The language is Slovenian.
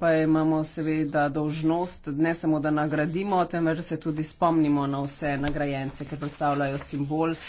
pa imamo seveda dožnost ne samo, da nagradimo, temveč se tudi spomnimo na vse nagrajence, ker predstavljajo simbol